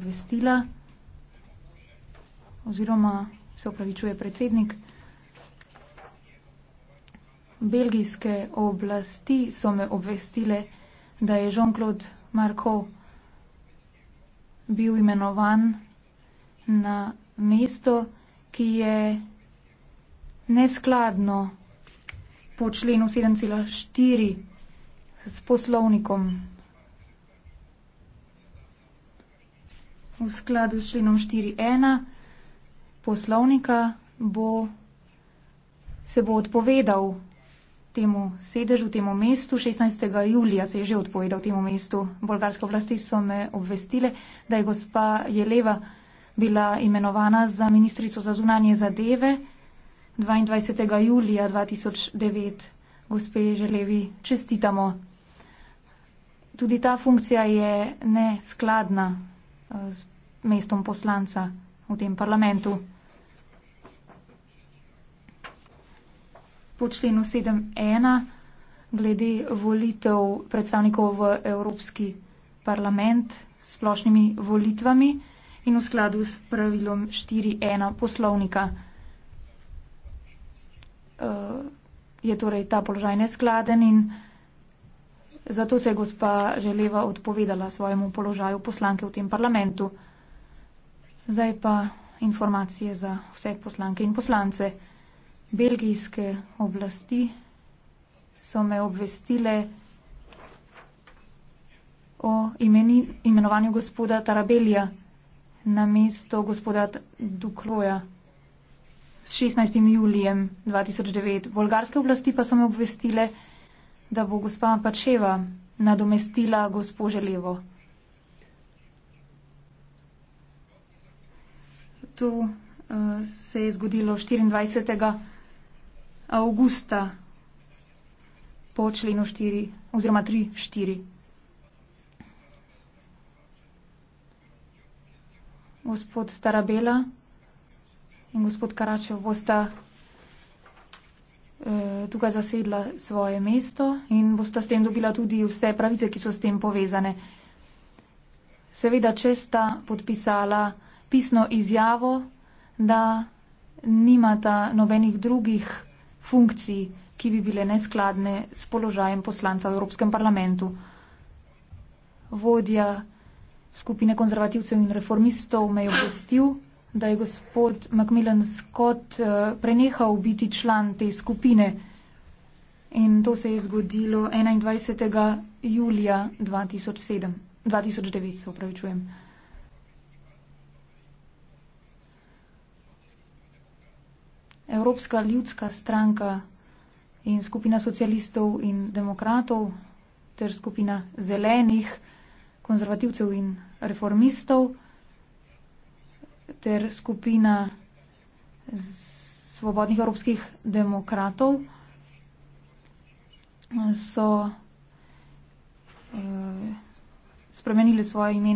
obvestila oziroma se upravičuje predsednik. Belgijske oblasti so me obvestile, da je Jean-Claude Marco bil imenovan na mesto, ki je neskladno po členu 7.4 s poslovnikom v skladu s členom 4.1 poslovnika bo, se bo odpovedal temu sedežu, temu mestu. 16. julija se je že odpovedal temu mestu. Bolgarske oblasti so me obvestile, da je gospa Jeleva bila imenovana za ministrico za zunanje zadeve 22. julija 2009. Gospe Želevi, čestitamo. Tudi ta funkcija je neskladna z mestom poslanca v tem parlamentu. Po členu 7.1 glede volitev predstavnikov v Evropski parlament s splošnimi volitvami in v skladu s pravilom 4.1 poslovnika. Eh, je torej ta položaj neskladen in Zato se je gospa Želeva odpovedala svojemu položaju poslanke v tem parlamentu. Zdaj pa informacije za vse poslanke in poslance. Belgijske oblasti so me obvestile o imeni, imenovanju gospoda Tarabelija na mesto gospoda Dukroja s 16. julijem 2009. Bolgarske oblasti pa so me obvestile, da bo gospa Pačeva nadomestila gospo Želevo. Tu uh, eh, se je zgodilo 24. augusta po členu 4 oziroma 3.4. Gospod Tarabela in gospod Karačev bosta Eh, tukaj zasedla svoje mesto in bosta s tem dobila tudi vse pravice, ki so s tem povezane. Seveda, če sta podpisala pisno izjavo, da nimata nobenih drugih funkcij, ki bi bile neskladne s položajem poslanca v Evropskem parlamentu. Vodja skupine konzervativcev in reformistov me je obvestil, da je gospod Macmillan Scott uh, prenehal biti član te skupine. In to se je zgodilo 21. julija 2007, 2009, se upravičujem. Evropska ljudska stranka in skupina socialistov in demokratov ter skupina zelenih, konzervativcev in reformistov ter skupina svobodnih evropskih demokratov so eh, spremenili svoje ime.